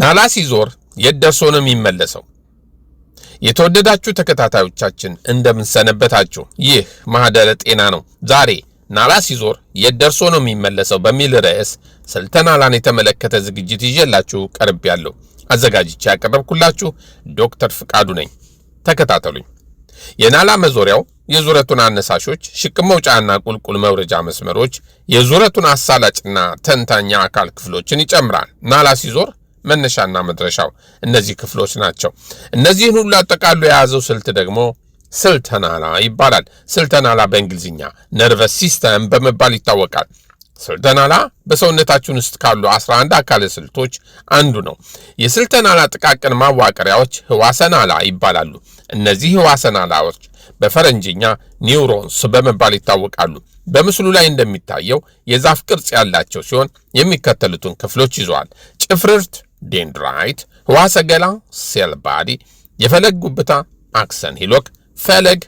ናላ ሲዞር የት ደርሶ ነው የሚመለሰው? የተወደዳችሁ ተከታታዮቻችን እንደምንሰነበታችሁ፣ ይህ ማህደረ ጤና ነው። ዛሬ ናላ ሲዞር የት ደርሶ ነው የሚመለሰው በሚል ርዕስ ስልተ ናላን የተመለከተ ዝግጅት ይዤላችሁ ቀርቤያለሁ። አዘጋጅቼ ያቀረብኩላችሁ ዶክተር ፍቃዱ ነኝ። ተከታተሉኝ። የናላ መዞሪያው የዙረቱን አነሳሾች፣ ሽቅም መውጫና ቁልቁል መውረጃ መስመሮች፣ የዙረቱን አሳላጭና ተንታኛ አካል ክፍሎችን ይጨምራል። ናላ ሲዞር መነሻና መድረሻው እነዚህ ክፍሎች ናቸው። እነዚህን ሁሉ አጠቃሉ የያዘው ስልት ደግሞ ስልተናላ ይባላል። ስልተናላ በእንግሊዝኛ ነርቨስ ሲስተም በመባል ይታወቃል። ስልተናላ በሰውነታችን ውስጥ ካሉ 11 አካለ ስልቶች አንዱ ነው። የስልተናላ ጥቃቅን ማዋቀሪያዎች ህዋሰናላ ይባላሉ። እነዚህ ህዋሰናላዎች በፈረንጅኛ ኒውሮንስ በመባል ይታወቃሉ። በምስሉ ላይ እንደሚታየው የዛፍ ቅርጽ ያላቸው ሲሆን የሚከተሉትን ክፍሎች ይዘዋል። ጭፍርርት ዴንድራይት፣ ህዋ ሴል ባዲ፣ የፈለግ ጉብታ አክሰን ሂሎክ፣ ፈለግ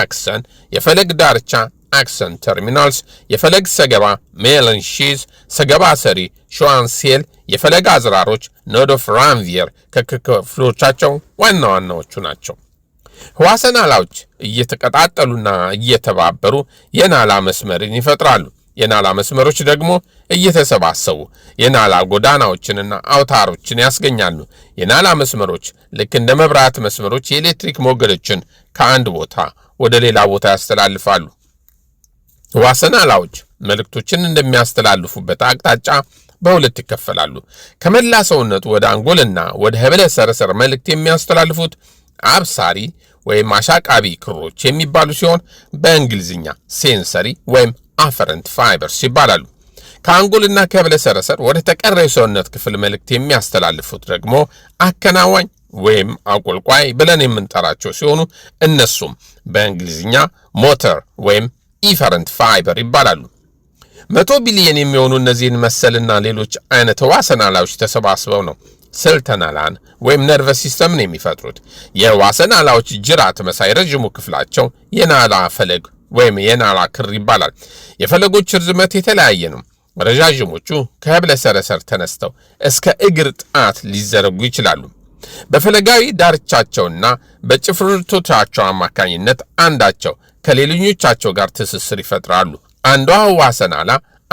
አክሰን፣ የፈለግ ዳርቻ አክሰን ተርሚናልስ፣ የፈለግ ሰገባ ሜለን ሺዝ፣ ሰገባ ሰሪ ሸዋንሴል፣ የፈለግ አዝራሮች ኖድ ኦፍ ራንቪየር ከክፍሎቻቸው ዋና ዋናዎቹ ናቸው። ህዋሰ ናላዎች እየተቀጣጠሉና እየተባበሩ የናላ መስመርን ይፈጥራሉ። የናላ መስመሮች ደግሞ እየተሰባሰቡ የናላ ጎዳናዎችንና አውታሮችን ያስገኛሉ። የናላ መስመሮች ልክ እንደ መብራት መስመሮች የኤሌክትሪክ ሞገዶችን ከአንድ ቦታ ወደ ሌላ ቦታ ያስተላልፋሉ። ዋሰናላዎች መልእክቶችን እንደሚያስተላልፉበት አቅጣጫ በሁለት ይከፈላሉ። ከመላ ሰውነቱ ወደ አንጎልና ወደ ህብለ ሰረሰር መልእክት የሚያስተላልፉት አብሳሪ ወይም አሻቃቢ ክሮች የሚባሉ ሲሆን በእንግሊዝኛ ሴንሰሪ ወይም አፈረንት ፋይበርስ ይባላሉ። ከአንጎልና ከህብለሰረሰር ወደ ተቀረ የሰውነት ክፍል መልእክት የሚያስተላልፉት ደግሞ አከናዋኝ ወይም አቆልቋይ ብለን የምንጠራቸው ሲሆኑ እነሱም በእንግሊዝኛ ሞተር ወይም ኢፈረንት ፋይበር ይባላሉ። መቶ ቢሊየን የሚሆኑ እነዚህን መሰልና ሌሎች አይነት ህዋሰ ናላዎች ተሰባስበው ነው ስልተ ወይም ነርቨስ ሲስተምን የሚፈጥሩት። የህዋሰ ናላዎች ጅራት መሳይ ረዥሙ ክፍላቸው የናላ ፈለግ ወይም የናላ ክር ይባላል። የፈለጎች ርዝመት የተለያየ ነው። ረዣዥሞቹ ከህብለ ሰረሰር ተነስተው እስከ እግር ጣት ሊዘረጉ ይችላሉ። በፈለጋዊ ዳርቻቸውና በጭፍርቶቻቸው አማካኝነት አንዳቸው ከሌሎኞቻቸው ጋር ትስስር ይፈጥራሉ። አንዷ ህዋ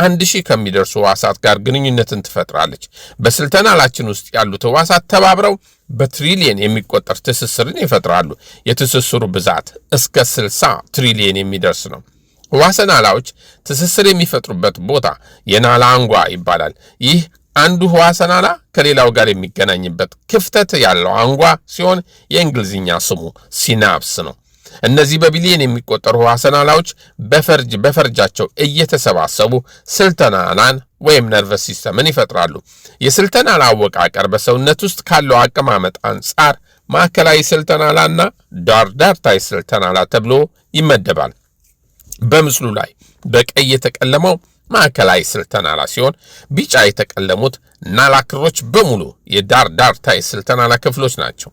አንድ ሺህ ከሚደርሱ ህዋሳት ጋር ግንኙነትን ትፈጥራለች። በስልተናላችን ውስጥ ያሉት ህዋሳት ተባብረው በትሪሊየን የሚቆጠር ትስስርን ይፈጥራሉ። የትስስሩ ብዛት እስከ 60 ትሪሊየን የሚደርስ ነው። ህዋሰ ናላዎች ትስስር የሚፈጥሩበት ቦታ የናላ አንጓ ይባላል። ይህ አንዱ ህዋሰ ናላ ከሌላው ጋር የሚገናኝበት ክፍተት ያለው አንጓ ሲሆን የእንግሊዝኛ ስሙ ሲናፕስ ነው። እነዚህ በቢሊየን የሚቆጠሩ አሰናላዎች በፈርጅ በፈርጃቸው እየተሰባሰቡ ስልተናላን ወይም ነርቨስ ሲስተምን ይፈጥራሉ። የስልተናላ አወቃቀር በሰውነት ውስጥ ካለው አቀማመጥ አንጻር ማዕከላዊ ስልተናላና ዳርዳርታይ ስልተናላ ተብሎ ይመደባል። በምስሉ ላይ በቀይ የተቀለመው ማዕከላዊ ስልጠና ሲሆን ቢጫ የተቀለሙት ናላ ክሮች በሙሉ የዳር ዳርታ የስልጠና ላ ክፍሎች ናቸው።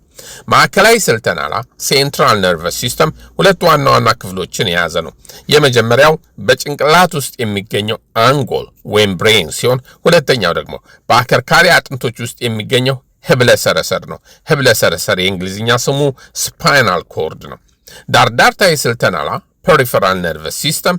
ማዕከላዊ ስልጠና ላ ሴንትራል ነርቨስ ሲስተም ሁለት ዋና ዋና ክፍሎችን የያዘ ነው። የመጀመሪያው በጭንቅላት ውስጥ የሚገኘው አንጎል ወይም ብሬን ሲሆን ሁለተኛው ደግሞ በአከርካሪ አጥንቶች ውስጥ የሚገኘው ህብለ ሰረሰር ነው። ህብለ ሰረሰር የእንግሊዝኛ ስሙ ስፓይናል ኮርድ ነው። ዳርዳርታ የስልጠና ላ ፐሪፈራል ነርቨስ ሲስተም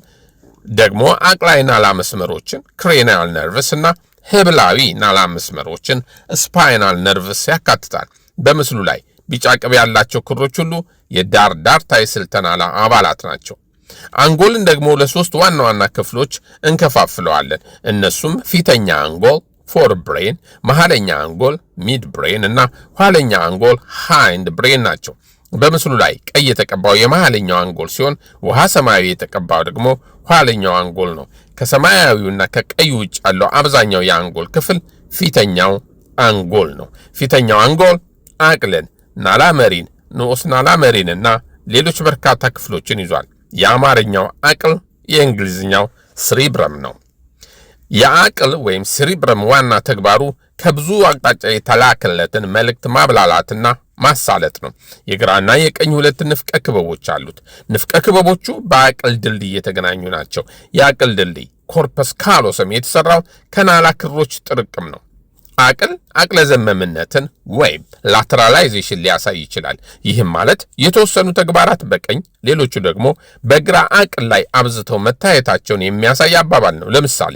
ደግሞ አቅላይ ናላ መስመሮችን ክሬናል ነርቭስ እና ህብላዊ ናላ መስመሮችን ስፓይናል ነርቭስ ያካትታል። በምስሉ ላይ ቢጫ ቅብ ያላቸው ክሮች ሁሉ የዳር ታይስል ተናላ አባላት ናቸው። አንጎልን ደግሞ ለሶስት ዋና ዋና ክፍሎች እንከፋፍለዋለን። እነሱም ፊተኛ አንጎል ፎር ብሬን፣ መሀለኛ አንጎል ሚድ ብሬን እና ኋለኛ አንጎል ሃይንድ ብሬን ናቸው። በምስሉ ላይ ቀይ የተቀባው የመሃለኛው አንጎል ሲሆን ውሃ ሰማያዊ የተቀባው ደግሞ ኋለኛው አንጎል ነው። ከሰማያዊውና ከቀዩ ውጭ ያለው አብዛኛው የአንጎል ክፍል ፊተኛው አንጎል ነው። ፊተኛው አንጎል አቅልን፣ ናላመሪን፣ ንዑስ ናላመሪንና ሌሎች በርካታ ክፍሎችን ይዟል። የአማርኛው አቅል የእንግሊዝኛው ስሪብረም ነው። የአቅል ወይም ሲሪብረም ዋና ተግባሩ ከብዙ አቅጣጫ የተላከለትን መልእክት ማብላላትና ማሳለጥ ነው። የግራና የቀኝ ሁለት ንፍቀ ክበቦች አሉት። ንፍቀ ክበቦቹ በአቅል ድልድይ የተገናኙ ናቸው። የአቅል ድልድይ ኮርፐስ ካሎሰም የተሰራው ከናላ ክሮች ጥርቅም ነው። አቅል አቅለዘመምነትን ወይም ላተራላይዜሽን ሊያሳይ ይችላል። ይህም ማለት የተወሰኑ ተግባራት በቀኝ ሌሎቹ ደግሞ በግራ አቅል ላይ አብዝተው መታየታቸውን የሚያሳይ አባባል ነው። ለምሳሌ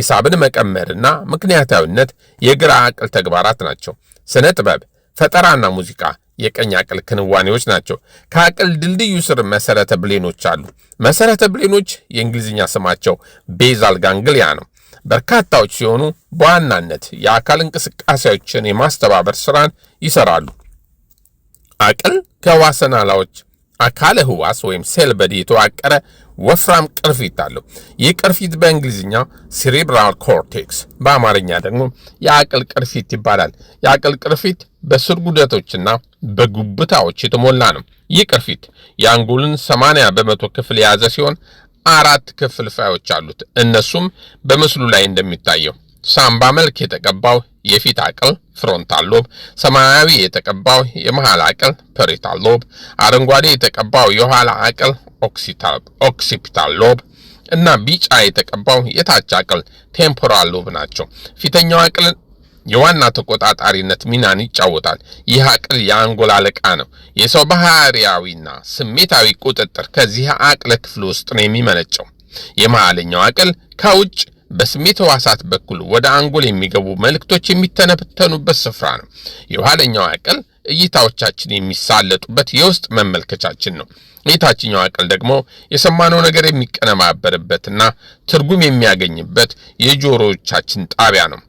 ሂሳብን መቀመርና ምክንያታዊነት የግራ አቅል ተግባራት ናቸው። ስነ ጥበብ፣ ፈጠራና ሙዚቃ የቀኝ አቅል ክንዋኔዎች ናቸው። ከአቅል ድልድዩ ስር መሰረተ ብሌኖች አሉ። መሰረተ ብሌኖች የእንግሊዝኛ ስማቸው ቤዛል ጋንግሊያ ነው። በርካታዎች ሲሆኑ በዋናነት የአካል እንቅስቃሴዎችን የማስተባበር ስራን ይሰራሉ። አቅል ከዋሰናላዎች አካለ ህዋስ ወይም ሴል በዲ የተዋቀረ ወፍራም ቅርፊት አለው። ይህ ቅርፊት በእንግሊዝኛ ሴሬብራል ኮርቴክስ፣ በአማርኛ ደግሞ የአቅል ቅርፊት ይባላል። የአቅል ቅርፊት ጉደቶችና በጉብታዎች የተሞላ ነው። ይህ ቅርፊት የአንጎልን 80 በመቶ ክፍል የያዘ ሲሆን አራት ክፍልፋዮች አሉት። እነሱም በምስሉ ላይ እንደሚታየው ሳምባ መልክ የተቀባው የፊት አቅል ፍሮንታል ሎብ፣ ሰማያዊ የተቀባው የመሃል አቅል ፐሪታል ሎብ፣ አረንጓዴ የተቀባው የኋላ አቅል ኦክሲፒታል ሎብ እና ቢጫ የተቀባው የታች አቅል ቴምፖራል ሎብ ናቸው። ፊተኛው አቅልን የዋና ተቆጣጣሪነት ሚናን ይጫወታል። ይህ አቅል የአንጎል አለቃ ነው። የሰው ባህሪያዊና ስሜታዊ ቁጥጥር ከዚህ አቅለ ክፍል ውስጥ ነው የሚመነጨው። የመሃለኛው አቅል ከውጭ በስሜት ህዋሳት በኩል ወደ አንጎል የሚገቡ መልእክቶች የሚተነተኑበት ስፍራ ነው። የኋለኛው አቅል እይታዎቻችን የሚሳለጡበት የውስጥ መመልከቻችን ነው። የታችኛው አቅል ደግሞ የሰማነው ነገር የሚቀነባበርበትና ትርጉም የሚያገኝበት የጆሮዎቻችን ጣቢያ ነው።